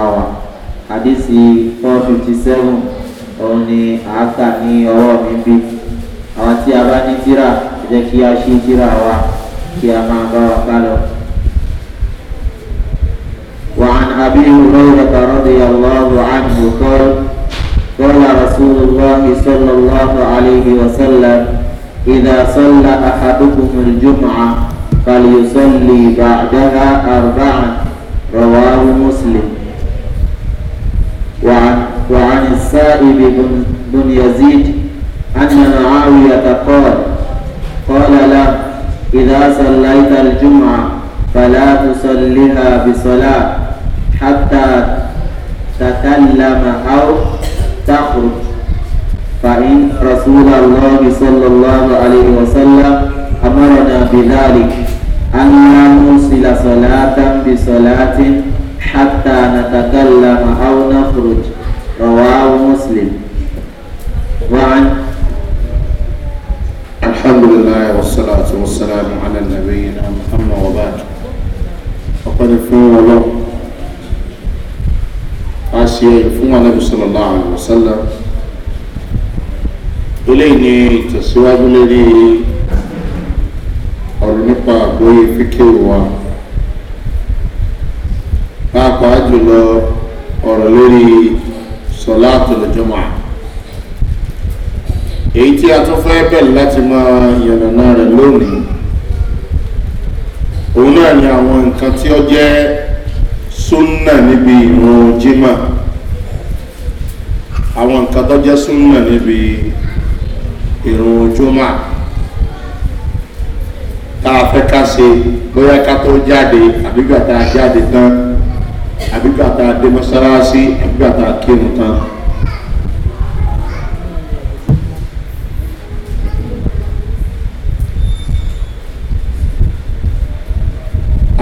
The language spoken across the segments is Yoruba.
hour àdìsí four fifty seven òun ni àáka ní ọwọ́ mi bí àwọn tí a bá ní tíra ẹ jẹ́ kí a ṣí tíra wa kí a máa bá wa ká lọ. وعن أبي هريرة رضي الله عنه قال قال رسول الله صلى الله عليه وسلم إذا صلى أحدكم الجمعة فليصلي بعدها أربعا رواه مسلم وعن, وعن السائب بن, يزيد أن معاوية قال قال له إذا صليت الجمعة فلا تصلها بصلاة حتى تكلم أو تخرج فإن رسول الله صلى الله عليه وسلم أمرنا بذلك أن لا نوصل صلاة بصلاة hatta natakallama au nakhruj rawahu muslim wa an alhamdulillah wassalatu wassalamu ala nabiyina muhammad wa ba'd ọpẹlẹ fún ọlọ a ṣe fún anabi sallallahu alaihi wa sallam eléyìí ni ìtẹ̀síwájú lórí ọ̀rọ̀ nípa àgbóyè fíkẹ́ wa pàápàá jùlọ ọ̀rọ̀ lórí sọlá àtọ̀lẹ̀jọ́mọ́ èyí tí a tún fẹ́ bẹ̀rẹ̀ láti máa yànnàná rẹ̀ lónìí òun náà ni àwọn nǹkan tí ó jẹ́ súnà níbi ìrùn jimá àwọn nǹkan tó jẹ́ súnà níbi ìrùn jumá tá a fẹ́ ká ṣe bóyá ká tó jáde àbígbà tá a jáde tán àbí gbàtà dé mọ́sálásí àbí gbàtà kírun tán.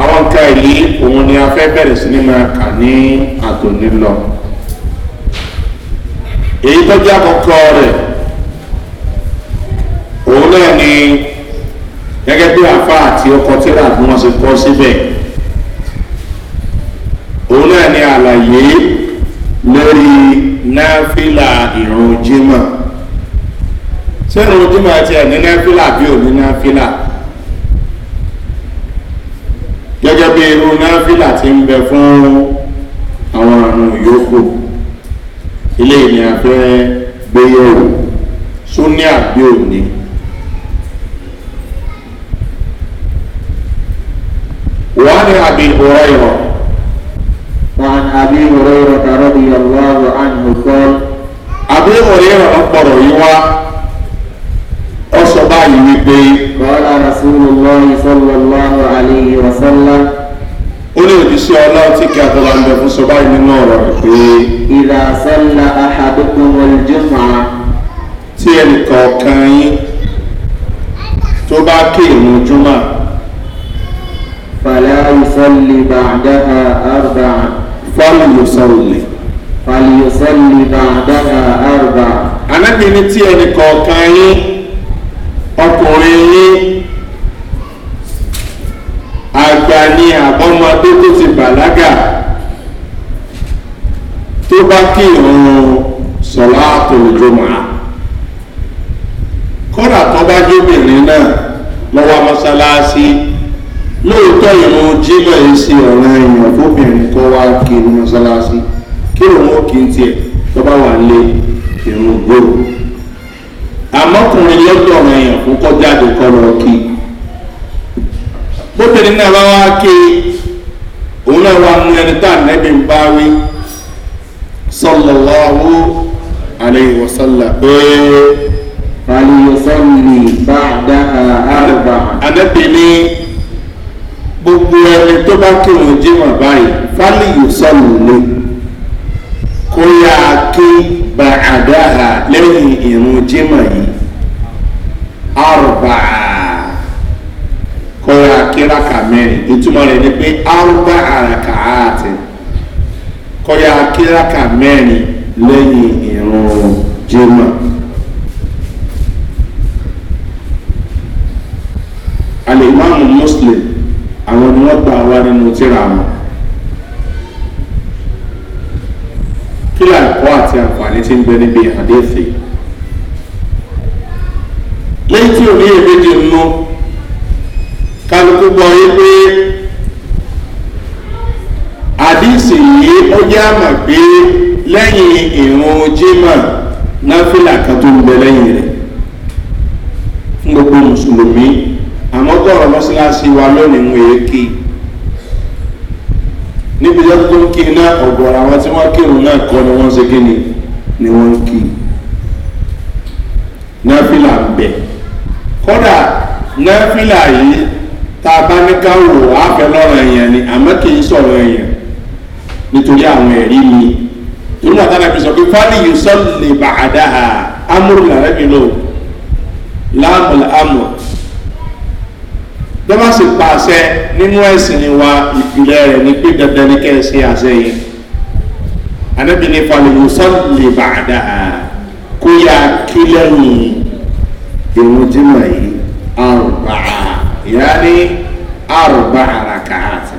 àwọn nǹkan yìí òun ni a fẹ́ bẹ̀rẹ̀ sí ni máa kà ní àtòní lọ. èyí tó jẹ́ àkọ́kọ́ rẹ̀ òun náà ni gẹ́gẹ́ bí àfa àti ọkọ̀ tíra bí wọ́n ṣe kọ́ síbẹ̀. Si òun náà ni àlàyé lórí náfìlà ìrùn jimá ṣé ìrùn jimá tiẹ̀ ní náfìlà bí ò ní náfìlà gẹ́gẹ́ bí irú náfìlà ti ń bẹ fún àwọn àrùn yòókù ilé ìní afẹ́ gbéyẹ̀wò súnni àbí òní. وعن ابي هريره أبي هريرة رضي الله عنه قال أبي هريرة أكبر يوا أصبعي ويبي قال رسول الله صلى الله عليه وسلم olè òjíṣẹ́ ọlọ́run tí kí àtọ́lá ń bẹ fún sọ báyìí nínú ọ̀rọ̀ rẹ̀ pé. ìlà sọ́lá àhàdókùn olùjọ́fà. tí ẹnìkọ̀ọ̀kan yín tó bá kí ìrùn júmọ̀. fàlẹ́ àìsàn lè bàdá àrùbà fọlùsọ̀lì. fọlùsọ̀lì bàdáhà àrùbà. anábì ní tí ẹnì kọ̀ọ̀kan yín ọkùnrin yín àgbà ni àbọ̀mọdé tó ti bàlágà tó bá kí ìrún sọ̀lá àtòlùjọ́mọ́ra kódà tó bá jóbìnrin náà lọ́wọ́ mọ́sálásí lóòótọ́ ìrún jímọ̀ yìí ṣe ọ̀rọ̀ èèyàn fóbìnrin kó wá kí ní mọ́ṣáláṣí kí òun ó kí n tiẹ̀ tó bá wà lé ìrún gbòòrò àmọ́kùnrin lọ́dọ̀ ọ̀rọ̀ èèyàn fún kọjáde kọ́ lọ kí bóbìnrin náà bá wá kí òun náà wá mú ẹni tá ànẹ́bí ń bá wí sọlọ́wọ́ àlẹ́ ìwọ̀sálà pé àlẹ́ ìwọ̀sálà bá dáa ànẹ́bí ní gbogbo ẹni tó bá kírun jimá báyìí fálì yóò sọ̀rọ̀ lé kó yá kí bàdáhà lẹ́yìn ìrún jimá yìí arba kó yá kí raka mẹ́rin ìtumọ̀ rẹ̀ ni pé arba àràkà àti kó yá kí raka mẹ́rin lẹ́yìn ìrún jimá. الإمام المسلم àwọn ni ọgba gbà wá nínú tíra wọn. kí làkọ́ àti àǹfààní ti ń bẹ níbi àdéhìí lẹ́yìn tí òní èméjì ń mú kálukú gbọ́ yí pé àdíìsì yìí ó jẹ́ àmà pé lẹ́yìn ìrún jimá náfìlà kan tó ń bẹ lẹ́yìn àmọ́ tọ̀rọ̀ mọ́sálásí wa lónìí ń wèé kí níbi tó tó ń kí náà ọ̀gọ̀rọ̀ àwọn tí wọ́n kírun náà kọ́ ni wọ́n ṣe kí ni ni wọ́n ń kí náfìlà ń bẹ̀ kódà náfìlà yìí tá a bá ní ká wò á fẹ́ lọ́rọ̀ èèyàn ni àmọ́ kì í sọ̀rọ̀ èèyàn nítorí àwọn ẹ̀rí mi torí àtàlà fi sọ pé fáli yìí sọ́ọ̀lì bàdáhà amúrúlà rẹ̀ mi bí wọ́n sì pa àṣẹ nínú ẹ̀sìn wa ìpìlẹ̀ rẹ̀ ní pé dandan ní kẹ́ẹ̀sì àṣẹ yẹn anabi ní falùwòsàn lè bá a dà á kó yá kí lẹ́yìn ìrun jimá yìí arùbá ìyá ní arùbá àràkà àti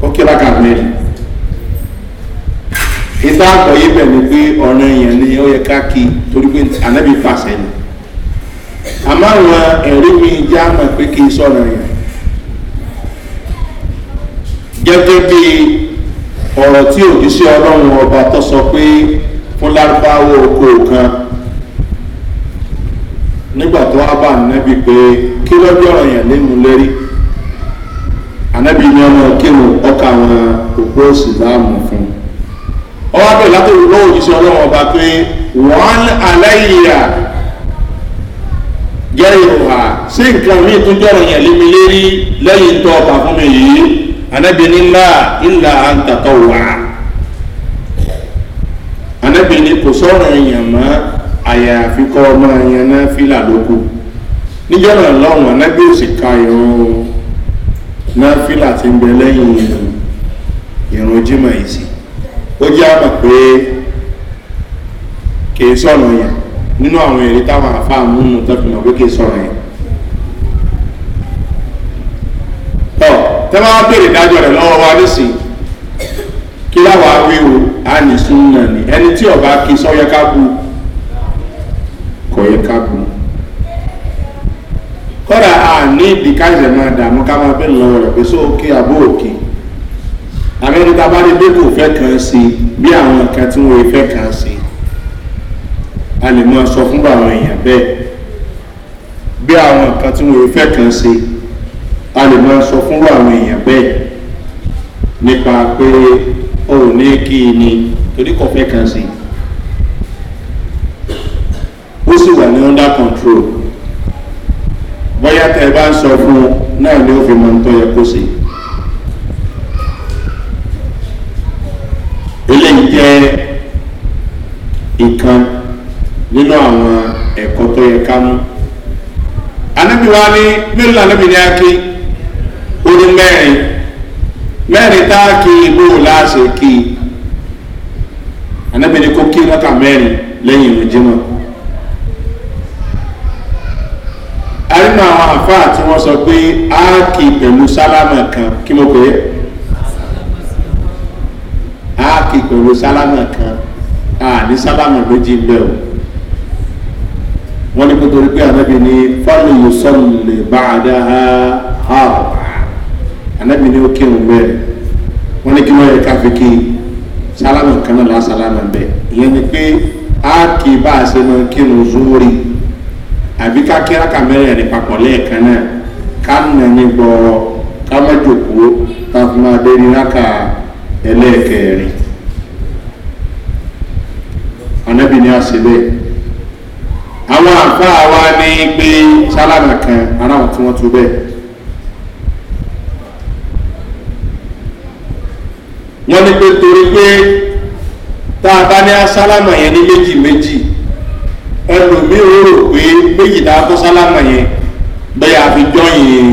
kókìlá kàmẹ́lì ìta àgbọ̀yé bẹ̀ ni pé ọ̀ràn yẹn ni ó yẹ ká torí pé anabi pàṣẹ ni. àmọ́ àwọn ẹ̀rí mi já mọ̀ pé kì í sọ̀rọ̀ gẹ́gẹ́ bí ọ̀rọ̀ tí òjíṣẹ́ ọlọ́run ọba tó sọ pé fún lárúbáwò oko kan nígbà tó wá bá pé kí lọ́jọ́ ọ̀rọ̀ yẹn lérí anabi ní ọmọ kírun ọkà àwọn òpó fún ọwọ́ ọlọ́run ọba gẹ́rẹ́ ìhà ṣé nǹkan mi tún jọ̀rọ̀ yẹn lé mi lérí lẹ́yìn tó ọkà fún mi yìí anabi ni ńlá ńlá à ń tàtọ̀ wá anabi ni kò sọ̀rọ̀ yẹn mọ́ àyàfi kọ́ ọmọ yẹn náà fílà lóko níjọ́ náà anabi ò sì ka ìrún náà fílà ti ń bẹ lẹ́yìn ìrún jimá yìí sí ó jẹ́ àmà pé kì í sọ̀rọ̀ yẹn nínú àwọn èrè táwọn àfáà mú un tó fi hàn pé kì í sọ̀rọ̀ yẹn. tọ́ tẹ́ bá wá béèrè dájọ́ rẹ̀ lọ́wọ́ wa nísìnyí kí láwàá wí o á ní súnmọ́ ni ẹni tí ọba kí sọ́yẹ́ ká bu kọ̀ yẹ ká bu kọ́dà á ní ìdí káìsẹ̀ máa dààmú ká máa bẹ́ẹ̀ lọ́wọ́ rẹ̀ pé sóòkè àbó òkè amẹ́ríkà bá dé dé kò fẹ́ kàn sí bí àwọn nǹkan tí wọ́n fẹ́ kàn sí a lè máa sọ fún àwọn èèyàn bẹ́ẹ̀ bí àwọn nǹkan tí wọ́n fẹ́ kan ṣe a lè máa sọ fún àwọn èèyàn bẹ́ẹ̀ nípa pé o ò ní kí ni torí kò fẹ́ kan ṣe ó sì wà ní under control bóyá tẹ bá ń sọ fún náà ni ó fi mọ nítorí ẹ kó ṣe. eléyìí jẹ́ ìkan nínú àwọn ẹ̀kọ́ tó yẹ ká mú. anábì wa ní mélòó anábì ní ake orí mẹ́rin mẹ́rin tá a kí ibò láṣẹ kí anábì ní kó kí lọ́kà mẹ́rin lẹ́yìn ìrìn jẹ́mọ̀. arínú àwọn àfáà tí wọ́n sọ pé a kì pẹ̀lú sálámà kan kí mo pè é a kì pẹ̀lú sálámà kan a ní sálámà méjì ń bẹ̀ o wọ́n ní kótó rí pé anabi ní fáwọn yosọ́lẹ̀ bá a dá a ha anabi ní ó kéwòn bẹ́ẹ̀ wọ́n ní kí wọ́n yẹ káfí kí sálámù kan náà lásàlámù bẹ́ẹ̀ ìyẹn ni pé a kì í bá a ṣe máa kéwòn zúwórì àbí ká kí rákà mẹ́rin ẹ̀rí papọ̀ lẹ́ẹ̀kan náà ká nà ní gbọ́ọ̀rọ̀ ká má jòkó ká fi máa dé ní rákà ẹlẹ́ẹ̀kẹrin anabi ní a ṣe àwọn àfáà wa ní pé sálànà kan ara wọn tí wọ́n tu bẹ́ẹ̀. wọ́n ní pé torí pé tá a bá ní asálàmà yẹn ní méjì méjì ẹlòmíì rò pé méjì tá a kó sálàmà yẹn bẹ́ẹ̀ àfi jọ́yìn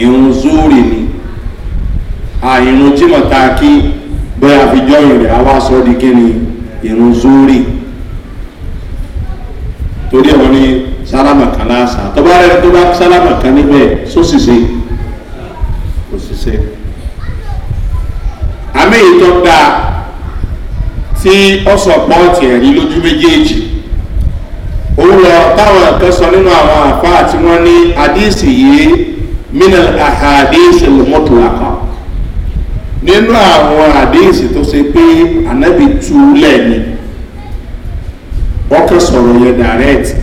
ìrun zúrì ni àìrun tí mọ̀ta kí bẹ́ẹ̀ àfi jọ́yìn rẹ̀ àwa sọ di kí ni ìrun zúrì torí àwọn ní sálámà kan láàṣà tọ́ba rẹ tó bá sálámà kan níbẹ̀ sóṣìṣe òṣìṣe. àmì ìtọ́gbà tí ọ̀sọ̀ pọ́ǹtì ẹ̀rí lójú méjèèjì òun lọ táwọn ẹ̀kọ́ sọ nínú àwọn àfáà tí wọ́n ní àdíìsì yìí minal ahadíìsì lòmọ́tòlákà nínú àwọn àdíìsì tó ṣe pé ànábì tú lẹ́ẹ̀ni wọ́n kàn sọ̀rọ̀ yẹn direct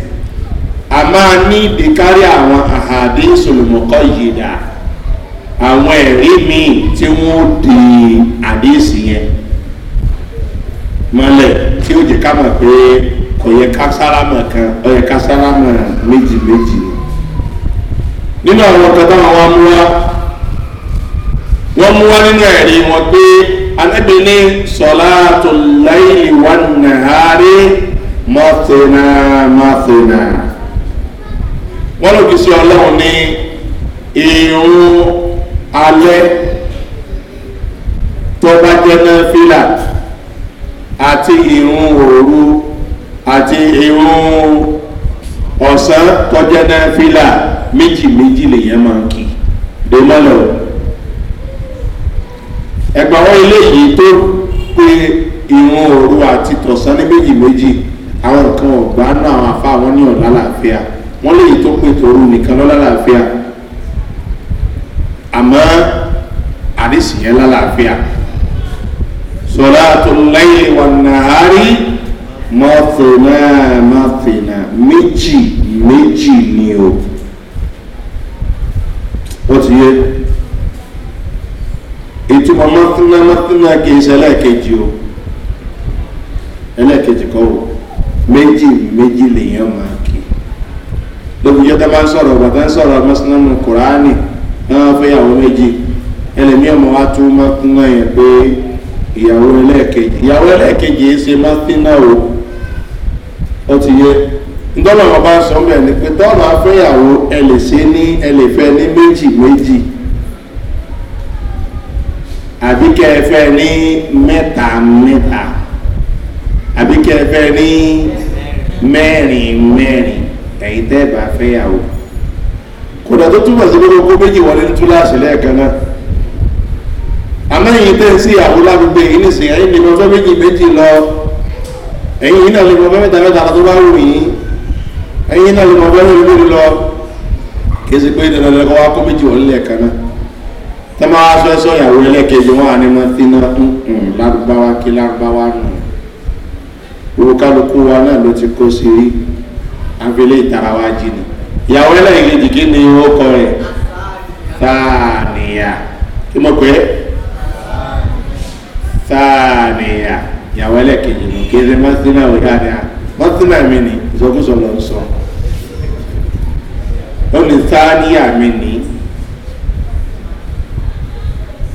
a máa ní ìdíkárí àwọn àhàdé ìsòlùmọ́kọ́ yìí dà àwọn ẹ̀rí míì tí wọ́n di àdéhìsì yẹn mọ́lẹ̀ tí ó jẹ́ ká mọ̀ pé kò yẹ ká sálámà kan ó yẹ ká sálámà méjì méjì nínú àwọn kan táwọn mú wá wọ́n mú wá nínú ẹ̀rí wọn pé anábìíní sọ̀lá tó láìlì wà nàárẹ̀ mọ́tìnà mọ́tìnà wọ́n lòdì sí ọlọ́run ní irun alẹ́ tó bá jẹ́ náà fílà àti irun òru àti irun ọ̀sán tó jẹ́ náà fílà méjì méjì lèyẹn máa ń kí dé mọ́lọ̀ ẹgbàá wọn ilé yìí tó pé irun òru àti tọ̀sán ní méjì méjì àwọn nǹkan ọ̀gbà náà àwọn afá wọn ní ọ̀la làáfíà wọ́n lè tó pè torú nìkan lọ́la làáfíà àmọ́ àdìsí yẹn lálàáfíà sọlá tó lẹ́yìn wà nàárí mọ́tìnà mọ́tìnà méjì méjì ni o ó ti yẹ ìtumọ̀ mọ́tìnà mọ́tìnà kì í ṣe ẹlẹ́ẹ̀kejì o ẹlẹ́ẹ̀kejì méjì méjì lèèyàn máa kí lóbi jẹ́ ń sọ̀rọ̀ bàtà ń sọ̀rọ̀ mọ́sánánù kùránì náà fẹ́yàwó méjì ẹlẹ́mìí ọmọ wa tún máa kún pé ìyàwó ẹlẹ́ẹ̀kejì ìyàwó ẹlẹ́ẹ̀kejì yìí ṣe máa fi náà o ó ti yẹ ntọ́nà wọn bá sọ bẹ́ẹ̀ ni pé tọ́nà afẹ́yàwó ní ní àbí kí ẹ fẹ́ ní mẹ́rin mẹ́rin ẹ̀yin tẹ́ bá fẹ́ yàwó kódà tó túmọ̀ sí gbogbo kó méjì wọlé ní túláàsì lẹ́ẹ̀kan náà àmọ́ ẹ̀yin tẹ́ sí ìyàwó lágbègbè yìí nìsín ẹ̀yin lè mọ fẹ́ méjì méjì lọ ẹ̀yin yìí náà lè mọ mẹ́ta mẹ́ta tó bá wù yín ẹ̀yin náà lè mọ fẹ́ méjì méjì lọ kí ẹ sì pé dandan lẹ́kọ́ wá kó méjì wọlé lẹ́ẹ̀kan náà tọ́mọ́ aṣọ ẹ̀ṣọ́ ìyàwó ẹlẹ́kẹ̀ẹ́jì wọn owó kálukú wa náà ló ti kó sí rí abẹ́lé ìtara wa jì ní. ìyàwó ẹlẹ́yìnkejì kí ni ó kọ rẹ̀ sáàníyà kí mo pè é sáàníyà ìyàwó ẹlẹ́kejì ní kí ẹsẹ̀ mọ́sílẹ̀ ò yá ni à mọ́sílẹ̀ mi ni ìsọkúsọ lọ sọ ó ní sáàníyà mi ni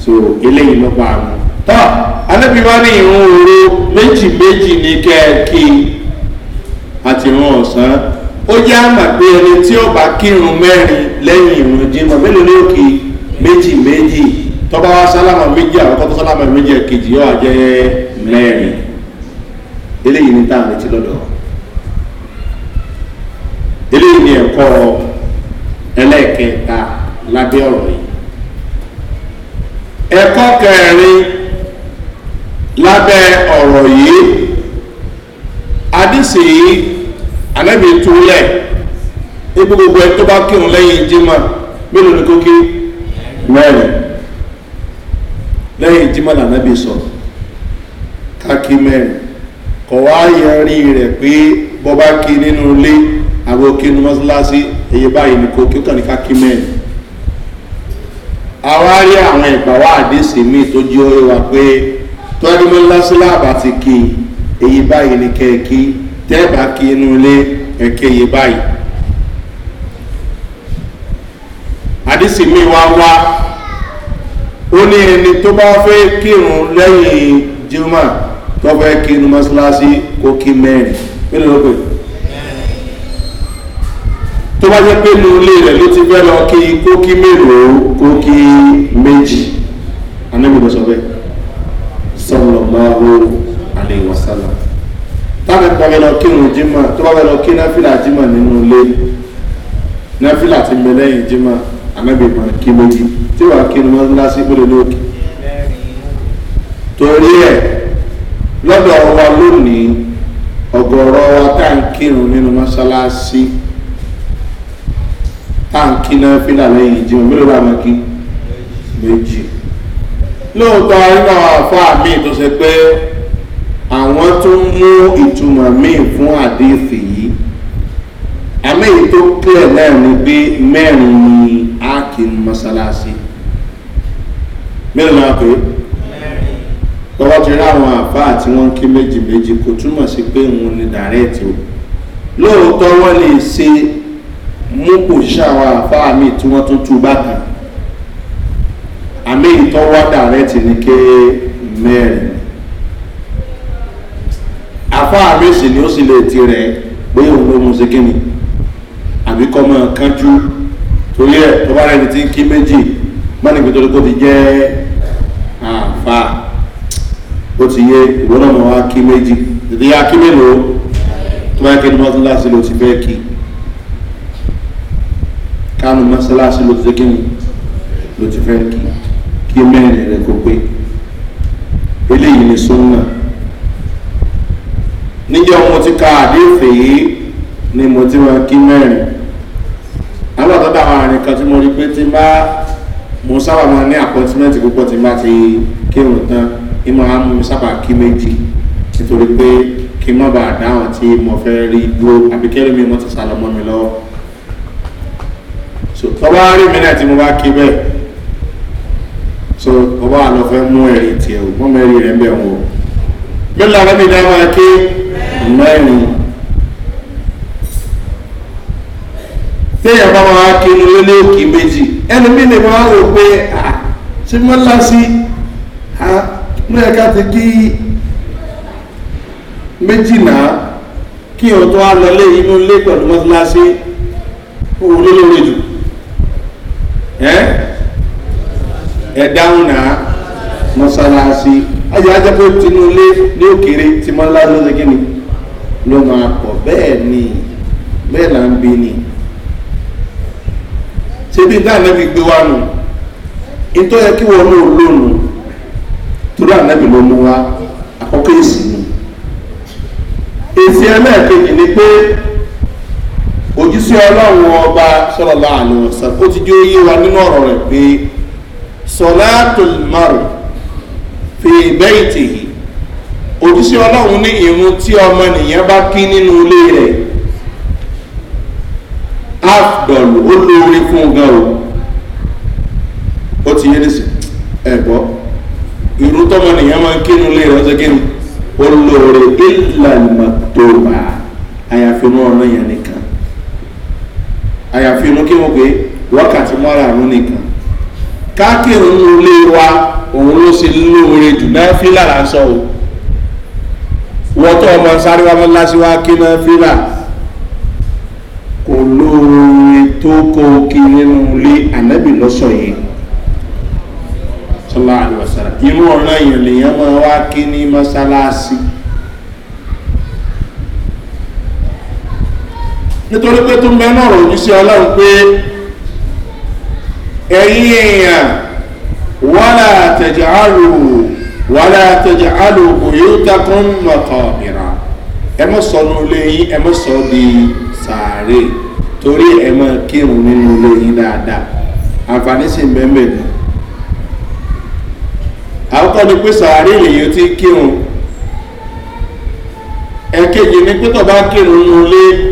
so eléyìí ló bá a mú tọ́ anábì wá ní ìrún òru méjì méjì ní kẹ́ẹ̀kì àti ìrún ọ̀sán ó jẹ́ àmà pé ẹni tí ó bá kírun mẹ́rin lẹ́yìn ìrún jimá mélòó ní òkè méjì méjì tọ́ba wá sálámà méjì àkọ́kọ́ tó sálámà méjì ẹ̀kejì yóò jẹ́ mẹ́rin eléyìí ní táwọn etí lọ́dọ̀ eléyìí ní ẹ̀kọ́ ẹlẹ́ẹ̀kẹta lábẹ́ ọ̀rọ̀ yìí ẹ̀kọ́ kẹrin. lábẹ́ ọ̀rọ̀ yìí àdìsí yìí ànábì túlẹ̀ ibi gbogbo ẹ tó bá kírun lẹ́yìn jimá mélòó ni kò kí mẹ́rin lẹ́yìn jimá lànàbì sọ káàkiri mẹ́rin kọ̀ wá yẹrí rẹ̀ pé bọ́bá kí nínú ilé àwọn òkè mọ́sálásí báyìí ni kò kí ó kàn ní káàkiri mẹ́rin àwọn ìgbà wa àdìsí tó wa pé. tọ́gbẹ́mọ́ lásìlá àbàtì kì í èyí báyìí ni kẹ̀kí tẹ́ẹ̀bà kí inú ilé ẹ̀kẹ́ yìí báyìí. àdìsí mi wá wá ó ní ẹni tó bá fẹ́ kírun lẹ́yìn jimá tó fẹ́ kí inú mọ́sálásí kó kí mẹ́rin nínú ló pè. tó bá jẹ́ pé inú ilé rẹ̀ ló ti fẹ́ lọ kí kó kí mélòó kó kí méjì anábìbọ̀ bẹ́ẹ̀ sọlọmọahu àlèwọsálà táwọn ẹ̀kọ́ bẹ lọ kírun jimá tó bá bẹ lọ kí náfìlà jimá nínú ilé náfìlà ti mẹ lẹ́yìn jimá anábì máa kí méjì tí wàá kí ni wọ́n lásì gbọ́dọ̀ lókè torí ẹ̀ wa lónìí ọ̀gọ̀rọ̀ wa tá à ń kírun nínú mọ́ṣáláṣí tá à ń kí náfìlà lẹ́yìn jimá mélòó bá lóòótọ́ iná àfa mi tó ṣe pé àwọn tó ń mú ìtumọ̀ míì fún àdéhìsì yìí àmì èyí tó kílẹ̀ náà ni pé mẹ́rin ni a kì í mọ́ṣáláṣí mẹ́rin máa pè é tọ́wọ́ ti rí àwọn àfa tí wọ́n ń kí méjì méjì kò túmọ̀ sí pé òun ni dàrẹ́ẹ̀tì o lóòótọ́ wọ́n lè ṣe mú kò ṣàwọn àfa mi tí wọ́n tún tú bákan àmì ìtọ́wádà rẹ ti ní ké mẹ́rin afá àmẹ́sì ni ó sì lè ti rẹ̀ pé òun ló mú sí kíni àbí kọ́ mọ́ kánjú torí ẹ̀ tó bá rẹni tí ń kí méjì mọ́nìkì tó kó ti jẹ́ àfà ó ti yé ìwọ́n náà mọ́ wá kí méjì tètè yá kí mélòó tó bá yẹ kí ni mọ́sálásí ló ti fẹ́ kí kánú mọ́sálásí ló ti fẹ́ kí ni ló ti fẹ́ kí kí mẹ́rin rẹ̀ kó pé eléyìí ni sunna níjọ́ mo ti ka àdéhùn yìí ni mo ti wá kí mẹ́rin alábàtà àwọn àrìn kan tí mo rí pé tí bá mo sábà máa ní àpọ́tímẹ́ǹtì púpọ̀ tí bá ti kírun tán ní máa mú mi sábà kí méjì nítorí pé kí n má bàa dáhùn tí mo fẹ́ rí dúró àbí mi mo ti sàlọ́mọ́ mi lọ́wọ́ tọ́wọ́ rí mi náà tí mo bá kí bẹ́ẹ̀ so ọba àlọ́ fẹ́ mú ẹ̀rí tiẹ̀ o mọ́ mẹ́rin rẹ̀ ń bẹ̀ wọ̀ mẹ́lá rẹ́bí dáwọ́ ké mẹ́rin téèyàn bá wọn á ké ní lélẹ́ òkè méjì ẹni mí ni wọn á rò pé ṣé mọ́lá sí mẹ́ẹ̀ká ti kí méjì náà kí ọ̀ tó á lọ lé inú ilé pẹ̀lú mọ́tíláṣí òun ló lórí jù ẹ́ ẹ dáhùn náà mọ́sálásí ayé ajá pé tinúlé ní òkèrè tí mọ́lá ló ṣe kí ni ló máa pọ̀ bẹ́ẹ̀ ni bẹ́ẹ̀ là ń bí ni ṣebí tá ànábì gbé wa nù ìtọ́ yẹ kí wọ́n lóun lónù torí ànábì ló mú wa àkọ́kọ́ èsì ni èsì ẹlẹ́ẹ̀kejì ni pé òjísé ọlọ́run ọba sọlọ́lá àlùwọ̀sán ó ti jẹ́ òye wa nínú ọ̀rọ̀ rẹ̀ pé sọláàtùl mari fi bẹ́ẹ̀tì yìí òjísé ọlọ́run ní irun tí ọmọ nìyẹn bá kí nínú ilé rẹ̀ afdọ̀lù ó lóore fún gan o ó ti yé nísì ẹ̀gbọ́ irun tọ́mọ nìyẹn máa kí nínú ilé rẹ̀ ó ti kí ni ó lóore ìlànà tó bá àyàfi inú ọ̀nà yẹn nìkan àyàfi inú kí wọ́n pé wákàtí mọ́ra àrùn nìkan kákìrún ilé wa òun ló ṣe lóore jù náà fílà là ń sọ o wọ́tọ̀ ọmọ sáré wa mọ́lá sí wa kí náà fílà kò lóore tó kó kí nínú ilé ànábì lọ́sọ̀ yìí sọlá àlùwàsára irú ọ̀ràn yẹn lèèyàn máa wá kí ní mọ́sálásí. nítorí pé tó ń bẹ náà rò ní sí ọlọ́run pé ẹ̀yin èèyàn wàlà tẹ̀jẹ̀ àlò wàlà tẹ̀jẹ̀ àlò òyòtàkùn mọ̀kọ̀ mìíràn ẹ mọ̀ sọnù lẹ́yìn ẹ mọ̀ sọ di sàárè torí ẹ mọ̀ kírun nínú lẹ́yìn dáadáa àǹfààní sì mẹ́mẹ́ ni àkọ́kọ́ ni pé sàárè lèyìn tí kírun ẹ̀kejì ni pé tọ́ bá kírun nulẹ̀.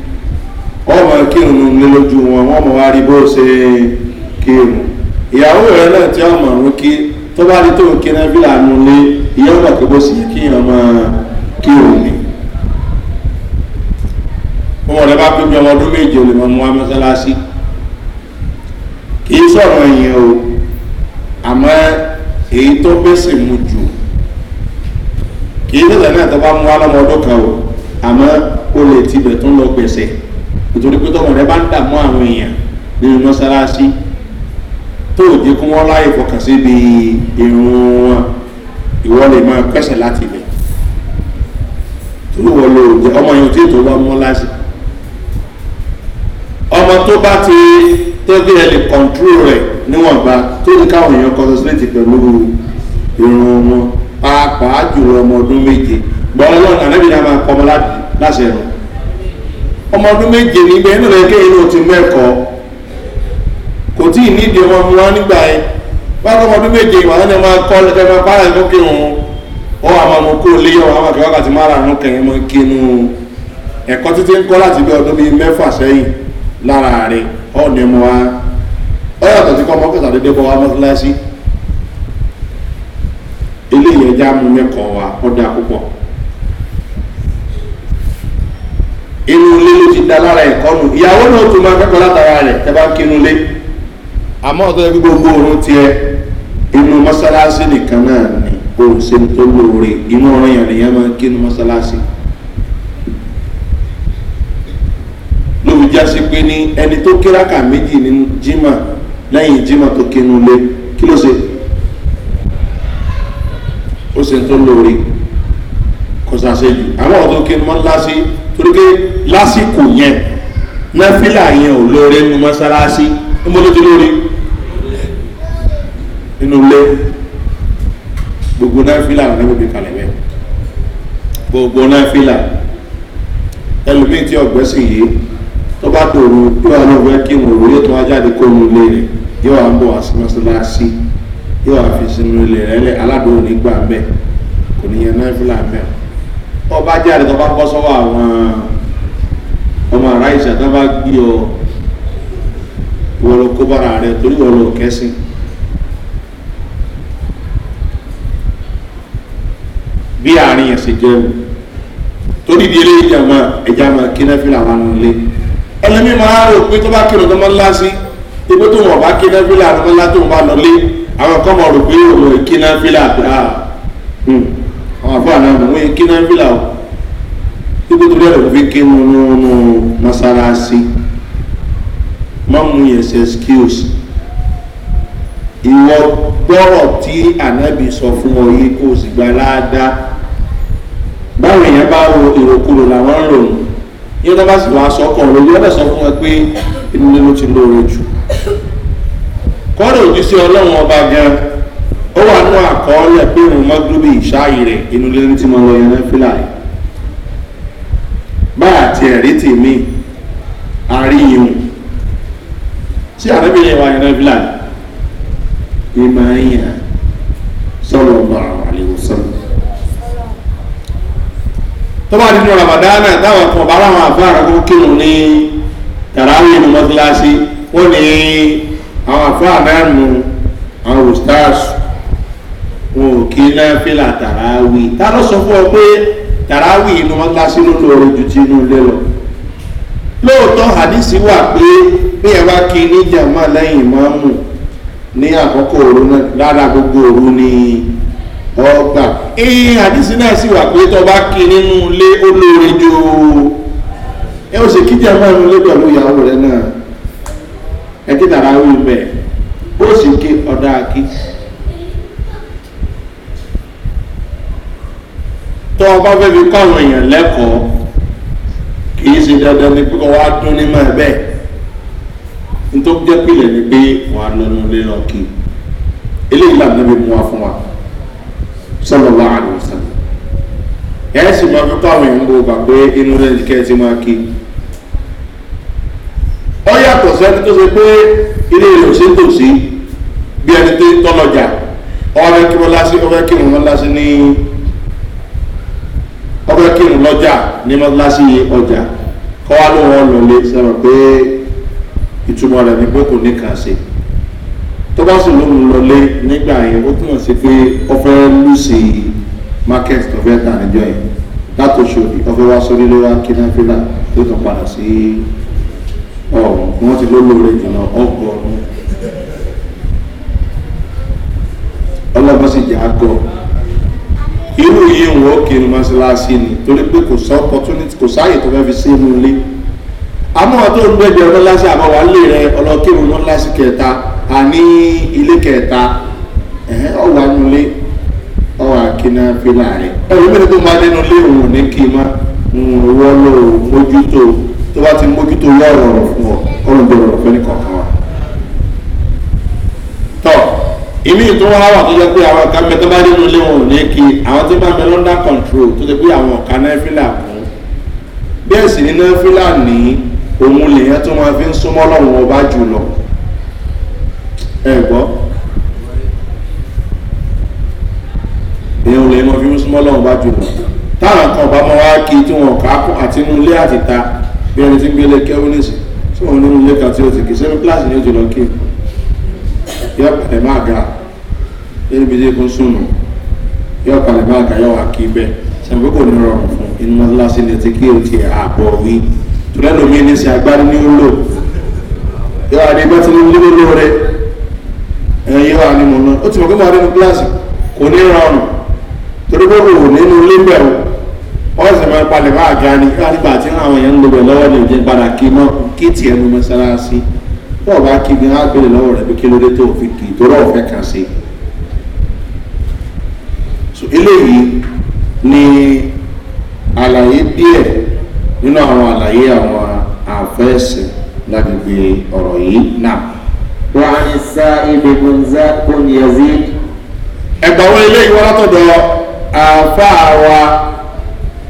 wọ́n mọ̀ kírun ní lójú wọn wọ́n mọ̀ wá rí bó ṣe kírun ìyàwó rẹ̀ náà tí wọ́n mọ̀ ń kí tó bá rí tó ń kíná bí lànà lé ìyá ọ̀gá kò bó sì yẹ kíyàn máa kírun ni. ọmọ rẹ bá pé bí ọmọ ọdún méje olè mọ́ mú wá mọ́sálásí kì í sọ̀rọ̀ yẹn o àmọ́ èyí tó bẹ́sẹ̀ mu jù kì í tẹ̀lé náà tó bá mú wá lọ́mọ ọdún kan o àmọ́ o lè tibẹ̀ tó ń lọ gbèsè nítorí pé tọmọ rẹ bá ń dààmú àwọn èèyàn nínú mọ́sálásí tó ò dín kún wọn láyè fọkàn sí bí irun wọn ìwọ lè máa pẹ́sẹ̀ láti ilẹ̀ torí wọ́n lo òjò ọmọ yẹn ò tí ì tó wá mọ́ láti ọmọ tó bá ti tẹ́gbẹ́ ẹ̀ lè kọ̀ǹtúrò rẹ̀ níwọ̀nba tó ní káwọn èèyàn kọ́sọ́sílẹ̀tì pẹ̀lú irun wọn pàápàá jùlọ ọmọ ọdún méje gbọ́dọ̀ lọ́nà ànábìyàn máa kọ́ ọmọ láti ẹ̀rọ ọmọ ọdún méje nígbẹ́ inú rẹ̀ kéyìn náà ti mú ẹ̀kọ́ kò tí ì nídìí ọmọ mu wá nígbà yẹn bákan ọmọ ọdún méje ìwà náà máa kọ́ lẹ́kẹ́ máa bá ẹ̀kọ́ kí wọn ọ àmọ́ ọmọ kó lé yọ àwọn àgbẹ̀ wákàtí márùn-ún kẹrin mọ́ kínú ẹ̀kọ́ títí ń kọ́ láti bí ọdún bíi mẹ́fà sẹ́yìn lára mu wá tí kọ́ ọmọ kẹta dédé bọ́ wá eléyìí ẹja mú mẹ́kọ̀ọ́ wa ọ dáa púpọ̀. inú ilé ló ti da lára ẹ̀kọ́ nù ìyàwó náà tó máa kẹ́kọ̀ọ́ látara rẹ̀ tẹ́ bá ń kí inú ilé àmọ́ ọ̀tọ́ ẹbí gbogbo oorun tiẹ̀ inú mọ́sálásí nìkan náà ni kò ṣe ń tó lóore inú ọ̀ràn yẹn nìyẹn máa ń kí inú mọ́sálásí. lóbi jásí pé ní ẹni tó kíráka méjì ní jimá lẹ́yìn jimá tó kí inú ilé kí ló ṣe ó ṣe ń tó lóore kò sàṣejù àwọn ọ̀tọ́ kí mọ́sálásí torí pé lásìkò yẹn náfìlà yẹn ò lóore nínú mọ́sálásí níbo ló ti lóore nínú ilé gbogbo náfìlà rẹ̀ níbo bí kalẹ̀ bẹ́ẹ̀ gbogbo náfìlà ẹlòmíì tí ọ̀gbẹ́ sì yé tó bá dòru yóò wá lọ́wọ́ kí wọ́n òwúrẹ́ tó wá jáde kó nu ilé rẹ̀ yóò wá ń bọ̀ wá sí mọ́sálásí yóò wá fi sínú ilé rẹ̀ lẹ́ aládùn òní gbà mẹ́ kò ní yẹn náfìlà mẹ́rin ọba jáde tó bá bọ́ sọ́wọ́ àwọn ọmọ ará ìṣà tó bá gbé ọ wọlọ kó bára rẹ torí wọlọ kẹsìn. bí àárín yẹn ṣe jẹ́ o torí di eré ìjàmọ́ ẹ̀já máa kíná fílà wà nù lé ẹlẹ́mí máa rò pé tó bá kírun tó máa ń lá sí ibi tó wọ̀ bá kíná fílà tó máa ń lá tó máa lọ lé àwọn kan rò pé òun kíná fílà pé ah. Hmm àwọn àbúrò àná ọ̀dùn wọ́n yẹ kí náà fìlà o ibi tó lẹ́rọ̀ fi kí wọn nínú mọ́sálásí má mú yẹn ṣe skills ìwọ gbọ́rọ̀ tí ànábì sọ fún ọ yìí kó o sì gba láàdá báwọn èèyàn bá wo ìròkulò làwọn ń ròyìn yóò tó bá sì wá sọ́kàn lórí ọ̀dọ̀ sọ fún ẹ pé inú ló ti lóore jù kọ́dọ̀ òjísé ọlọ́run ọba gan-an ó wà nú àkọọ́lẹ̀ pé òun mọ́gbóbi ìṣáàyè rẹ̀ inú ilé ní tí mo lọ yẹn fílà yìí báyà tí ẹ̀rí tì mí àríyìn tí àrẹ́bìnrin wa yẹn fílà yìí ìmọ̀ ẹ̀yìn sọ̀rọ̀ ọ̀gbà àlèwò sọ̀rọ̀ tó bá nínú ramadana táwọn kan bá ráwọn àfáàrà kó kírun ní tàràwì inú mọ́tíláṣí wọ́n ní àwọn àfáàrà náà nù àwọn ustaz wọn ò kí náfìlà tàràwì ta ló sọ fún ọ pé tàràwì inú wọn ká sí lónìí oorun ju ti inú ilé lọ lóòótọ́ hadisi wà pé bí ẹ bá kí ní jàmbá lẹ́yìn ìmọ̀ọ́mù ní àkókò òru náà lára gbogbo òru ni ọgbà ee hadisi náà sì wà pé tó bá kí nínú ilé olóore jo ẹ ó sì kí jàmbá inú ilé pẹ̀lú ìyàwó rẹ náà ẹ kí tàràwì bẹ̀ ó sì kí ọ̀dà kí. tó o bá fẹ́ fi kọ́ àwọn èèyàn lẹ́kọ̀ọ́ kì í ṣe dandan ni pé kò wá dún ní máa bẹ́ẹ̀ nítorí jẹ́ pìlẹ̀ ni pé wàá lọ́nu lé lọ kí eléyìí làbí mi mú wa fún wa sọ́dọ̀ wà á lọ sọ́dọ̀ ẹ̀ sì máa fi kọ́ àwọn èèyàn gbogbo pé inú rẹ̀ kẹ́ ẹ máa kí ọ yàtọ̀ sí tó ṣe pé ilé rẹ̀ ò ṣe tò sí bí ẹni tó tọ́lọ̀jà ọ̀rẹ́ kí wọ́n lásì ọ̀rẹ́ kí wọ́n lásì ní ọbẹ̀ kírun lọ́jà ní mọ́tíláṣí ọjà kọ́ wá ló wọ́n lọlé sẹ́wọ̀n pé ìtumọ̀ rẹ̀ ní pé kò ní kàn sí tó bá sì lóun lọlé nígbà yẹn ó túmọ̀ sí pé ọfẹ́ lùsì market tó fẹ́ tà níjọ yẹn látòṣòdì ọfẹ́ wá sórí ló wá kí náfílà tó tàn padà sí ọ̀hún wọ́n ti ló lóore jùlọ ọgọ́rùn ọlọ́gbọ́n sì jẹ́ àgọ́ irú yìí wọn ò kiri mọ́ṣáláṣí ni torí pé kò sọ opportunity kò sáàyè tó fẹ́ fi sí inú ilé àmọ́ tó ń gbẹ́jọ mọ́ṣáláṣí àmọ́ wà lè rẹ ọlọ́kírun mọ́ṣáláṣí kẹta àní ilé kẹta ọ̀wà nulẹ̀ ọ̀wà kíná fílà rẹ̀ ẹ̀rọ mẹ́rin tó máa nínú ilé òun ní kí n má wọ́n lò mójútó tó bá ti mójútó yọ̀ ọ̀rọ̀ fún ọ ọ̀rọ̀ bẹ̀rẹ̀ ọ̀fẹ́ ní kọ̀ọ̀kan wa. ìmí tó wá wà tó jẹ pé àwọn ọ̀ka mẹ́tọ́ bá nínú ilé wọn ò ní kí àwọn tó bá mẹ lọ́ndà control tó ti pé àwọn ọ̀ka náífìlà kún bẹ́ẹ̀ sì ni náífìlà ní òun lèyẹn tó máa fi ń súnmọ́ lọ́wọ́ ọba jù lọ ẹ gbọ́ èèyàn lèyẹn máa fi ń súnmọ́ lọ́wọ́ ọba jù lọ táwọn kan ọba máa wá kí tí wọn ọ̀ka kún àti inú ilé àti ta bí ẹni tí gbélé kẹ́wọ́nìsì tí wọn nínú ilé kan tí ó ti kì í sẹ́mi kíláàsì ní ìjùlọ kí yọ palẹ̀ máa ga lórí ibi tí kò sùn nù yọ palẹ̀ máa ga yọ wà kí bẹ́ẹ̀ sàbí kò ní rọrùn fún inú mọ́tíláṣí ni ti kí o ti àbọ̀ wí tùlẹ́nu mi ní sẹ agbárí ní ó lò yọ àdé bá ti ní lílo lóore ẹ̀yin wà ní mọ̀ náà ó ti mọ̀ pé mo wà nínú kíláàsì kò ní rọrùn torí pé kò nínú lébẹ̀ o wọ́n sì máa palẹ̀ máa ga ni káàdì gbà tí àwọn èèyàn ń lo bẹ̀ lọ́wọ́ ní ìjẹ́ padà kí tiẹ̀ nu mọ́ṣáláṣí bọ́ọ̀ bá kí ni á béèrè lọ́wọ́ rẹ̀ pé kí ló dé tó fi kì í tó rọ̀ fẹ́ kàn sí. so eléyìí ni àlàyé díẹ̀ nínú àwọn àlàyé àwọn àfẹ́sẹ̀ lágbègbè ọ̀rọ̀ yìí náà. wà á ní sá ibi gbòǹzà kò ní ẹ̀zí. ẹ̀gbọ́n wọn eléyìí wọ́n látọ̀dọ̀ àáfàá wa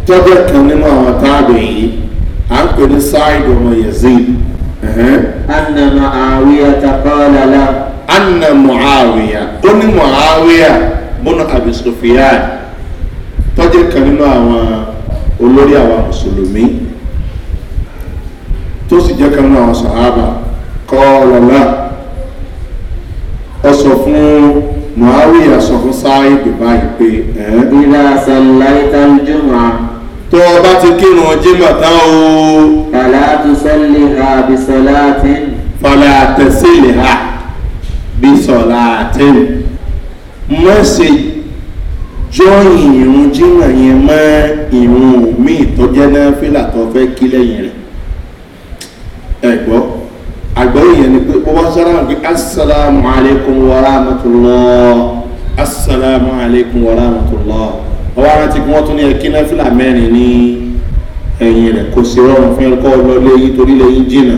tọ́jọ́ kan nínú àwọn táàbù yìí à ń pè ní sáà ìdùnnú yẹ̀zí. Mm-hmm. anna muawiya taqala la. anna muawiya ó ní muawiya múnú abi sofiyan tọ́jú kan nínú àwọn olórí àwọn mùsùlùmí tó sì jẹ́ kan nínú àwọn sàhábà kọ́ọ̀lọ́lá ọ sọ fún muawiya sọ fún sáà ibè pé. ìlà sàlàyé tàbí jùmọ̀ tó o bá ti kírun jimá tán o. kàlá tusalli ha bisalatin. fala tasili ha bisalatin. mọ́sẹ̀ jọ́yìn ìrún jimá yẹn mọ́ ìrún míì tó jẹ́ náà fílà tó fẹ́ kí lẹ́yìn rẹ̀ ẹ̀gbọ́ àgbọ̀yìn yẹn ni pé ó wá wọn pé asalaamualeykum wa rahmatulah asalaamualeykum wa rahmatulah ọwọ́ ara ti kún wọ́n tún ní ẹ̀kí náfìlà mẹ́rin ní ẹ̀yìn rẹ̀ kò sí rọrùn fún ẹ̀kọ́ ọlọ́lé yìí torí lẹ́yìn jìnnà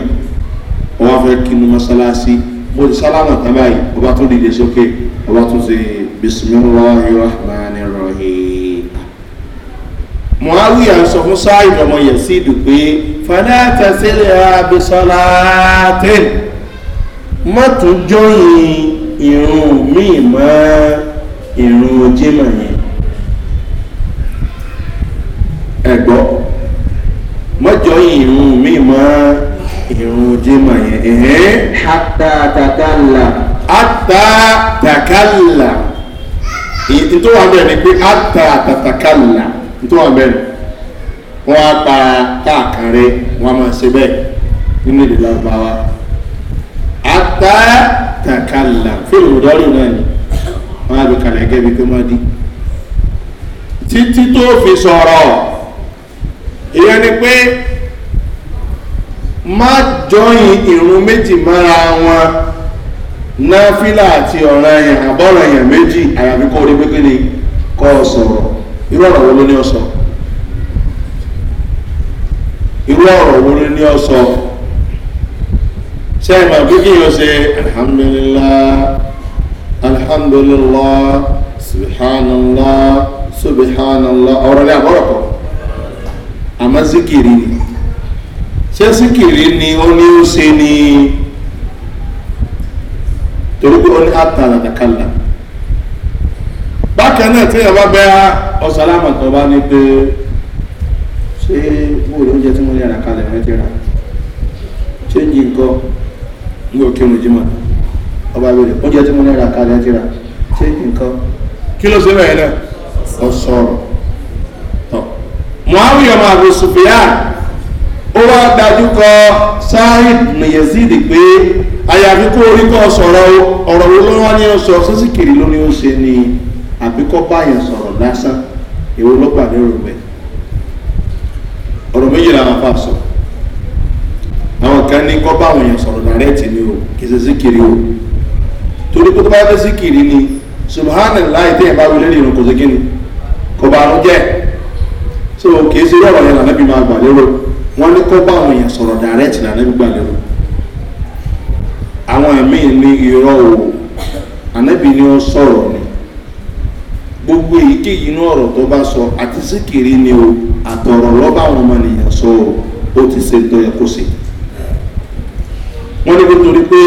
wọ́n wá fẹ́ kinu mọ́sálásí mo ti sálámà tán báyìí ọba tún dìde sókè ọba tún ṣe bisimilahi rahman rahim. muawiya sọ fún sáà ìdọ̀mọ yẹ̀sídù pé fàdáàtà sílẹ̀ abisọ́lá tẹ̀ mọ́tò jọyìn ìrùn míì mọ́ ìrùn jimá yẹn. mọ́jọ́ ìrùn mi mọ́ ìrùn jimọ̀ yẹn. ata takala. ata takala ìtò wà bẹ́ẹ̀ ni pé ata takala ìtò wà bẹ́ẹ̀ ni wọ́n á pa káàkiri wọ́n á máa ṣe bẹ́ẹ̀ nínú èdè lárúbáwá àtàtàkàlà fíìmù ìdọ́rùn náà ni wọ́n á lò kalẹ̀ gẹ́gẹ́ bí pé wọ́n títí tó fi sọ̀rọ̀ ìyẹn ni pé má jọyìn ìrun méjì mọ́ra wọn náfìlà àti ọ̀ràn èèyàn àbọ̀ràn èèyàn méjì àyàfi kó rí pínpín ni kọ́ ọ sọ̀rọ̀ irú ọ̀rọ̀ wo ló ní ọ sọ irú ọ̀rọ̀ wo ló ní ọ sọ ṣe é máa kékeré yọ ṣe alhamdulilah alhamdulilah subhanallah subhanallah ọ̀rọ̀ ní àbọ̀rọ̀ kan àmọ́ síkìrì ni ṣé síkìrì ni ó ní ó ṣe ni torí pé ó ní àtàlà nàkàlà bákan náà tí ìyàwó bẹ ọ̀sálámà tó bá ní pé ṣé bóòlù oúnjẹ tí wọ́n yàrá kalẹ̀ rẹ ti rà ṣé ń yí nǹkan ní òkè òjìmọ̀ ọba ìwé oúnjẹ tí wọ́n yàrá kalẹ̀ ti rà ṣé ń yí nǹkan kí ló ṣe bẹ́ẹ̀ náà ọ ọmọ Abu Sufyan ó wá dájúkọ Sa'id ibn Yazid pé àyàfi kó orí kọ́ sọ̀rọ̀ ọ̀rọ̀ wo ló wá ní ọ sọ sísìkiri ló ní ó ṣe ni àbíkọ́ báyẹn sọ̀rọ̀ lásán èwo ló gbà lérò bẹ́ẹ̀ ọ̀rọ̀ méjì làwọn afa sọ àwọn kan ní kọ́ báwọn èèyàn sọ̀rọ̀ dàrẹ́tì ni o kì í ṣe síkiri o torí pé tó bá fẹ́ síkiri ni subhanallah tẹ́yìn bá wọlé ní ìrùn kò sí kí ni kò bá rún jẹ́ so kì í ṣe irú ọ̀rọ̀ yẹn lànà bí máa gbà lérò wọ́n ní kó bá àwọn èèyàn sọ̀rọ̀ direct lànà bí gbà lérò àwọn míì ní irọ́ o ànábì ni ó sọ̀rọ̀ ni gbogbo èyíkéyìí inú ọ̀rọ̀ tó bá sọ àti síkìrì ni o àtọ̀rọ̀ lọ́ba àwọn ọmọ nìyẹn sọ o ó ti ṣe tó yẹ kó ṣe wọ́n ní nítorí pé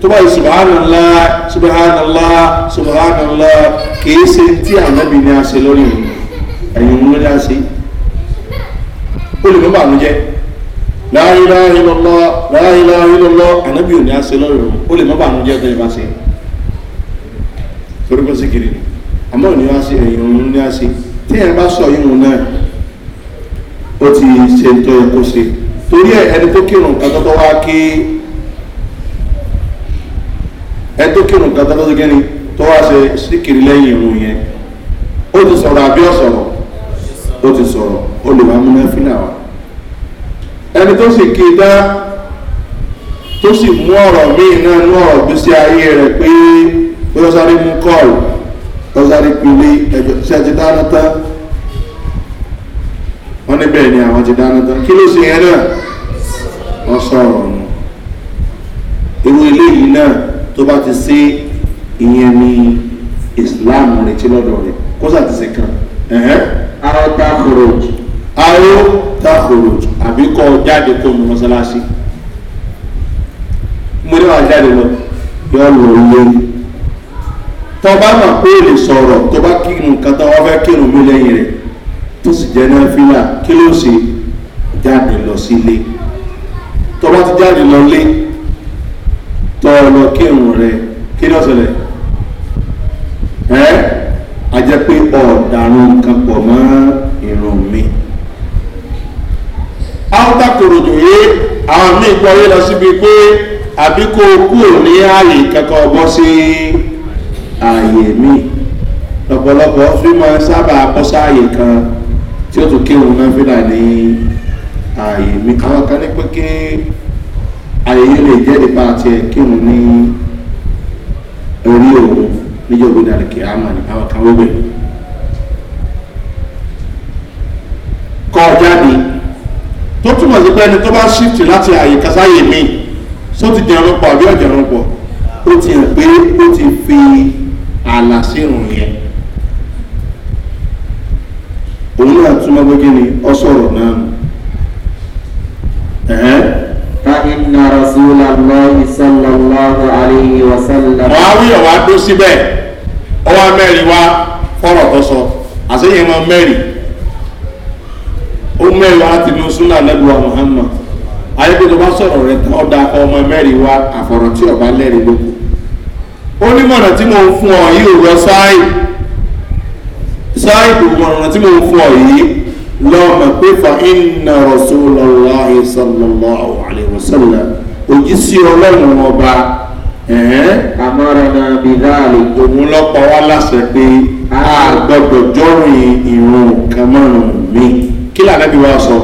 tó bá yẹ subahánàlá subahánàlá subahánàlá kì í ṣe tí ànábì ni a ṣe lórí ẹ̀yìn òun ló dá sí i ó lè mọ́ bàánú jẹ́ láìláìlọ́lọ́ láìláìlọ́lọ́ ànábì ò ní á se lọ́rùn ó lè mọ́ bàánú jẹ́ tó lè má se torí kó sì kiri ni àmọ́ ò ní á se ẹ̀yìn òun ní á se tí ẹ̀ bá sọ yìí òun náà ó ti ṣe tó yẹ kó se torí ẹ ẹni tó kírun kan tó tó wá kí ẹni tó kírun kan tó tó gẹ́ni tó wá ṣe síkiri lẹ́yìn òun yẹn ó ti sọ̀rọ̀ àbí ọ̀sọ̀rọ̀ ó ti sọ̀rọ̀ ó lè wá múná fínà wa ẹni tó sì ké dá tó sì mú ọ̀rọ̀ míì náà ní ọ̀rọ̀ gbèsè ayé rẹ̀ pé pé ó sáré mú kọ́ọ̀lù ó sáré pèlè ẹ̀jọ̀ sí ẹ̀jẹ̀ dáná tán wọ́n níbẹ̀ ni àwọn ti dáná tán kí ló ṣe yẹn náà wọ́n sọ̀rọ̀ ọ̀nà irú eléyìí náà tó bá ti ṣe ìyẹn ni islam retí lọ́dọ̀ rẹ̀ kó sàtìsí kan ara ta kúrò jù aró tàkùrù àbí kọ́ jáde kó nu mọ́sálásí mo ní wàá jáde lọ yọ lọ lórí tọba mà pé lè sọ̀rọ̀ tọba kírun kan tó wọ́n fẹ́ kírun mi lẹ́yìn rẹ̀ tó sì jẹ́ náà fílà kí ló ṣe jáde lọ sílé tọba ti jáde lọ lé tọ́ ọ lọ kírun rẹ̀ kí ló ṣẹlẹ̀ ẹ́ a jẹ́ pé ọ̀daràn kan pọ̀ mọ́ irun mi áwùtà kòròdò yé àwọn míì gbọ́ yé lọ síbi pé àbí kó o kúrò ní ààyè kankan ọgbọ́n sí ààyè míì lọ̀pọ̀lọpọ̀ fi máa sábà bọ́ sáàyè kan tí ó tún kéwòn náà fi là ní ààyè mi àwọn kan ní pé kí ààyè yìí lè jẹ́ nípa àti kéwòn ní orí òun níjọ́ gbé kí á mà ní àwọn kan wọ́n bẹ̀. kọ́ jáde tó túmọ̀ sí pé ẹni tó bá ṣífì láti àyè kásáyè mi só ti jẹun pọ̀ àbí ọ̀jẹun pọ̀ ó ti hàn pé ó ti fi ààlà sírun yẹn òun náà túmọ̀ pé kí ni ọ sọ̀rọ̀ náà ẹ̀hẹ́n. فإن رسول الله صلى الله عليه وسلم معاوية وعبد سبع أو مالي وفرط صوت àṣeyìn máa mẹ́rin ó mẹ́rin láti inú súnà lẹ́gbọ̀ọ́ muhammad ayébíyẹ bá sọ̀rọ̀ rẹ̀ tán ọ̀dà ọmọ mẹ́rin wa àfọ̀rọ̀ tí ọba lẹ́rìí ló ó ní mọ̀nà tí mo ń fún ọ yìí ò lọ sáàyè sáàyè mọ̀nà tí mo ń fún ọ yìí lọ́mọ pé fa iná rọ̀ṣọ́ lọ́wọ́ ìsọ̀lọ́lọ́ àlèwọ̀sọ̀lá òjì sí ọlọ́run ọba àmọ́ràn àbíláàlì òun lọ́pọ̀ wá láṣẹ pé a gbọ́dọ̀ jọ́rìn ìrùn kan kí lànà bí wọ́n sọ.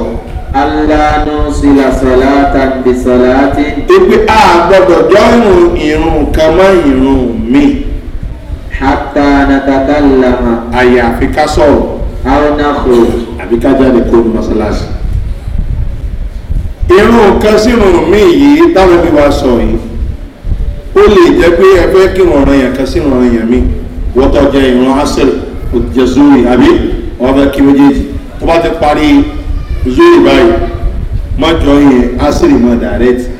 alanu sila salata bi salati. ibi a gbọdọ̀ jọ́rùn irun kan mọ́ irun mi. hata natata lama. àyàfi ká sọ̀rọ̀. àwọn náà kò. àbí ká jáde kó o mọ́ṣáláṣí irun kan sírun mi yìí táwọn ẹbí wa sọ yìí ó lè jẹ pé ẹ fẹ́ kí ìrànràn yẹn kan sírun yẹn mi wọ́tọ̀ jẹ ìran asẹ́l òjẹ̀zúrì àbí wọ́n fẹ́ kí méjèèjì tó bá ti parí zoro báyìí má jọ yẹn á sì rí mọ́ direct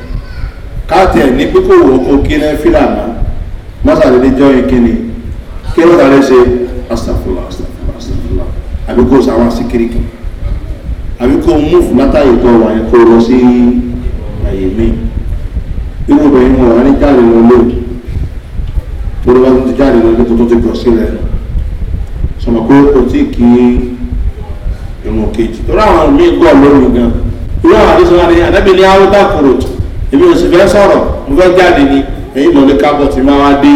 káàtì ẹ̀ ní pípò wò ó kí náà fílà mọ́ mọ́sàdédé jọ yẹn kí ni kí ló dáre ṣe astafula astafula astafula àbí kó sàwọn síkiri kan àbí kó múfù látàyè tó wà yẹn kó lọ sí àyè mi irú obìnrin wọn wà ní jáde lọ lóòótọ́ tó ló bá ti jáde lọ lóòótọ́ tó ti gbọ̀ sílẹ̀ sọ̀rọ̀ pé o ti kì ìmọ̀ kejì torí àwọn míì gbọ́ lónìí gan irú àwọn àdúgbò náà ní àdábìlẹ̀ arúgbó àkùrọ̀tù èmi ò sì fẹ́ sọ̀rọ̀ mo fẹ́ jáde ni èyí mọ̀ ní kábọ̀ tí máa wá dé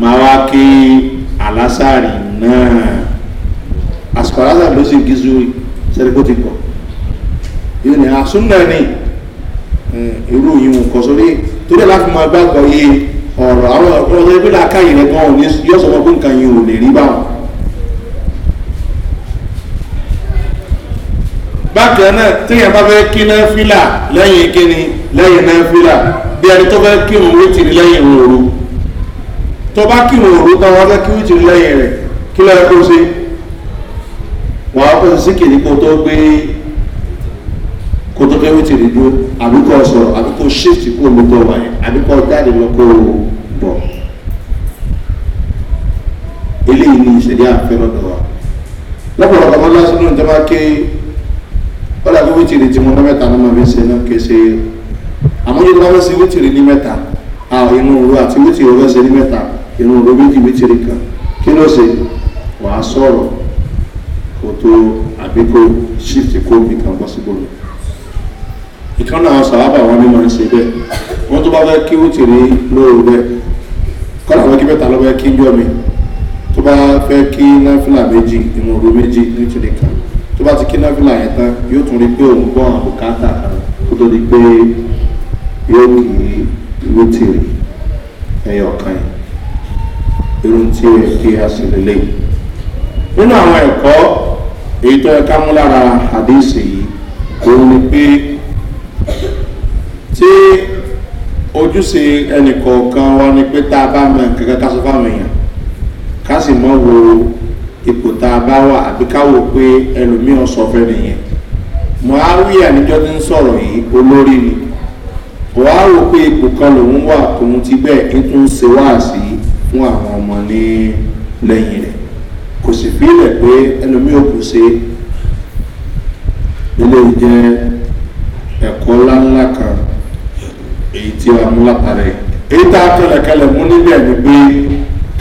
máa wá kí alásàrì náà àsìkò alásàrì ló sì ń gízú sẹ́ni kó ti pọ̀ yóò ní àsúnà ah, ni irú yìí wọn kọ sórí torí láti máa gbàgbọ́ yé ọ̀rọ̀ àwọn ọ̀rọ̀ ọ̀rọ̀ ìpínlẹ̀ akáyìí rẹ̀ gan-an yóò sọ wọn nǹkan yìí ò lè rí báwọn. bákan náà téèyàn bá fẹ́ kí náà fílà lẹ́yìn kíni lẹ́yìn náà fílà bí ẹni tó fẹ́ kí òun wítìrì lẹ́yìn òru tó bá kí òun òru tán wọ́n fẹ́ kí wítìrì lẹ́yìn rẹ̀ kí lọ́yẹ kó ṣe wọ́n á pèsè sí kìnìún kó tó gbé kó tó fẹ́ wítìrì dúró àbí kó sọ̀rọ̀ àbí kó ṣèṣì kó omi tó wà yẹn àbí kó jáde lọ kó bọ̀ eléyìí ni ìṣẹ̀lẹ̀ àfẹ́ lọ́dọ̀ wa lọ́pọ̀lọpọ̀ ọmọlá sínú ìjọba ké ó dàbí wítìrì tí mo ní mẹ́ta ló máa fi ṣe náà kì í ṣe àmójú tó bá fẹ́ ṣe wítìrì ní mẹ́ta àwọn inú òru àti wítìrì ó ṣe ní mẹ́ta inú òru méjì wítìrì kan kí ló ṣe wàá sọ̀rọ̀ kò tó àbí kó shift kó mi kan bọ́ sí bòlù ìkan náà sàábà wọn ní máa ń ṣe bẹ́ẹ̀ wọ́n tó bá fẹ́ kí wítìrì lóru bẹ́ẹ̀ kọ́nà fẹ́ kí mẹ́ta ló fẹ́ kí jọ́ mi kan tó bá ti kí náfìlà yẹn tán yóò tún rí pé òun gbọ́ àwọn bùkátà kan kó tó di pé yóò kì í ìwé tèrè ẹyọ kan yìí irun tí ó yẹ kí a sì lélẹ̀ nínú àwọn ẹ̀kọ́ èyí tó yẹ ká mú lára àdéhìsì yìí òun ni pé tí ojúṣe ẹnìkọ̀ọ̀kan wa ni pé tá a bá mọ nǹkan kan ká sọ fáwọn èèyàn ká sì mọ wo ipò tá a bá wà àbí káwò pé ẹlòmíràn sọ fẹ́ nìyẹn muawiya níjọ́ tí ń sọ̀rọ̀ yìí olórí ni wà á rò pé ipò kan lòun wà tòun ti bẹ́ẹ̀ ń tún ṣe wáàsí fún àwọn ọmọ ní lẹ́yìn rẹ̀ kò sì fílẹ̀ pé ẹlòmíì ò kù ṣe ilé jẹ́ ẹ̀kọ́ ńláńlá kan èyí tí a mú látara èyí tá a kẹlẹ̀kẹlẹ̀ mú níbẹ̀ ni pé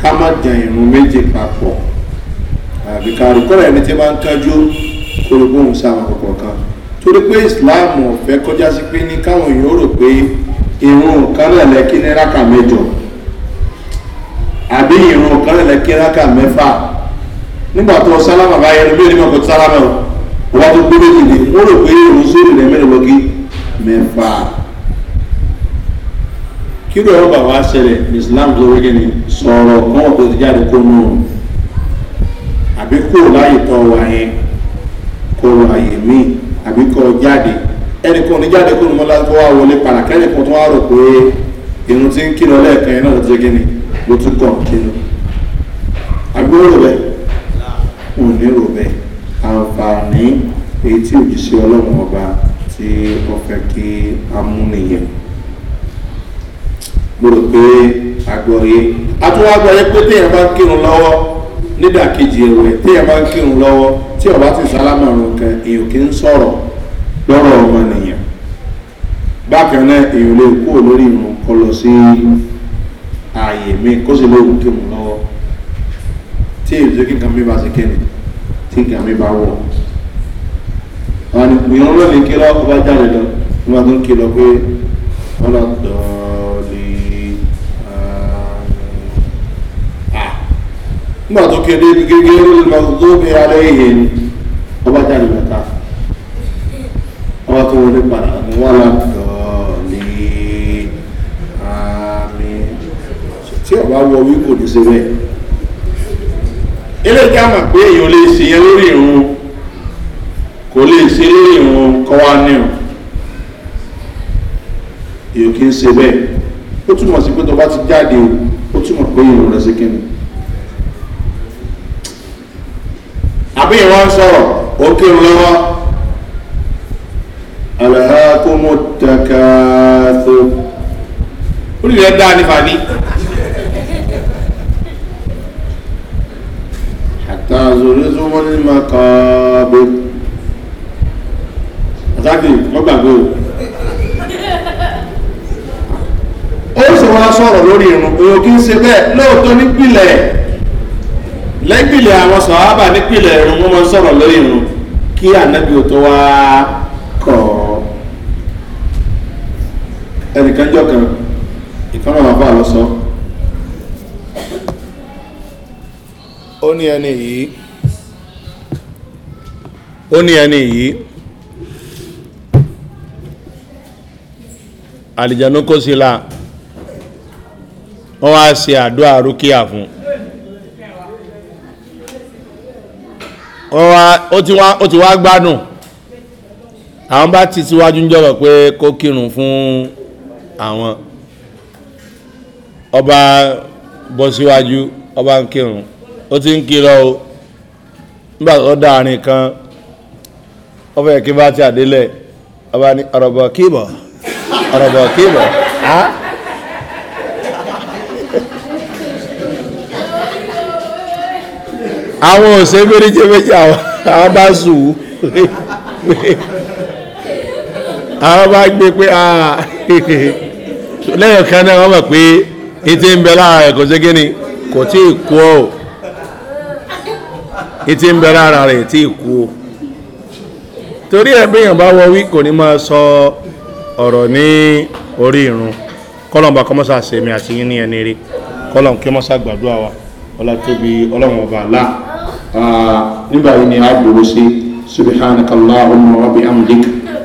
ká má jẹ irun méje papọ̀ tàbí kárí kọ́ra ẹni tí máa ń kájú kórógbóhùn sáwọn ọ̀pọ̀ kan torí pé islam ọ̀fẹ́ kọjá sí pé ní káwọn èèyàn rò pé irun kánlẹ̀lẹ̀ kí ní rákà mẹ́jọ àbí irun kánlẹ̀lẹ̀ kí rákà mẹ́fà nígbà tó sálámà báyẹn ní bí onímọ̀ kò sálámà o wọ́n tó gbóló dìde wọ́n rò pé irun sóòrò rẹ̀ mẹ́rin lọ́gí mẹ́fà kí ló yọ bàbá ṣẹlẹ̀ islam tó wọ́n gẹ́ni sọ̀rọ̀ kan ọ̀tọ̀ ti jáde kó nù àbí kò láyè tọ́ wà yẹn kò lọ àyè míì àbí kò jáde ẹnì kan oníjáde kó lùmọ́lá kó wá wọlé padà kẹ́lẹ́ kan tó wá rò pé irun tí ń kí lọ lẹ́ẹ̀kan yẹn náà ló ti gé ni ló tún kàn kí lọ. àbí ó rò bẹ́ẹ̀ ò ní rò bẹ́ẹ̀ àǹfààní èyí tí òjíṣẹ́ ọlọ́run ọba tí wọ́n fẹ́ kí a mú nìyẹn. mo rò pé àgbọ̀yé a tún wá gbọ́ yẹ pé téèyàn bá kírun lọ́wọ́ nídàkejì ẹ̀wẹ̀ téèyàn bá ń kírun lọ́wọ́ tí ọba ti sálámà ọ̀run kan èèyàn kì í sọ̀rọ̀ lọ́rọ̀ ọmọnìyàn bákan náà èèyàn lè kúrò lórí ìrùn kọ lọ sí ààyè mi kó sì lóògùn kírun lọ́wọ́ tí èèyàn tó kíkan mi bá ṣe kẹ́ni tí kíkan mi bá wọ̀ wọn ni ìrún lónìí kí bá jáde lọ wọn tó ń kí lọ pé wọn lọ dọ̀ọ́. nígbà tó kéde gégé olùmọ̀tòkè aléhìn ọba jáde mẹ́ta ọba tó wọlé padà ní wọ́n lọ ní àmì tí ọba wọ wí kò ní ṣe bẹ́ẹ̀ ilé ìjà mà pé èèyàn lè ṣe yẹn lórí ìrún kò lè ṣe lórí o èèyàn kì í ṣe àbí ìwọ́n sọ̀rọ̀ ó kírun lọ́wọ́ alahakumu takaaso olùyẹ dáa ní fani àtàzòrìzò wọn ní makaabo àtàkì mọ́gbàgbé o ó sì wá sọ̀rọ̀ lórí irun òyò kí n ṣe bẹ́ẹ̀ lóòótọ́ nípìnlẹ̀ lẹ́gbìlẹ̀ àwọn sọ̀hábà nípìnlẹ̀ ẹ̀rùn wọ́n máa ń sọ̀rọ̀ lórí irun kí ànábì ò tó wá kọ̀ ọ́ ẹnìkan jọ kan ìkan náà bá lọ sọ. ó ní ẹni yìí ó ní ẹni yìí àlìjánu kò sí la wọ́n wá ṣe àdúrà rúkìá fún un. ó ti wá gbádùn àwọn bá ti síwájú ń jọ̀rọ̀ pé kó kírùn fún àwọn ọba bọ́ síwájú ọba ń kírùn ó ti ń kírọ o nígbà tó dáàrin kan ó fẹ́ bá ti àdélẹ̀ ọba ní ọ̀rọ̀bọ̀ kíbọ̀ ọ̀rọ̀bọ̀ kíbọ̀ á. àwọn ọ̀sẹ̀ méjèèjì méjì àwọn bá zù ú àwọn bá gbé pé lẹ́yìn kan náà wọ́n mọ̀ pé ètè ń bẹ lára rẹ̀ kò sí kò tí ì kú ọ́ ètè ń bẹ lára rẹ̀ tí ì torí bá wọ wí kò ní sọ ọ̀rọ̀ ní orí irun kọ́lọ̀mbà kọ́mọ́sà sèmi àti yín ní ẹni rí kọ́lọ̀m kí mọ́sà gbàdúrà wa آه، نبأ إني عبد بسي سبحانك اللهم وبحمدك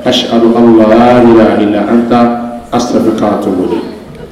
أشهد أن لا إله إلا أنت أستغفرك وأتوب إليك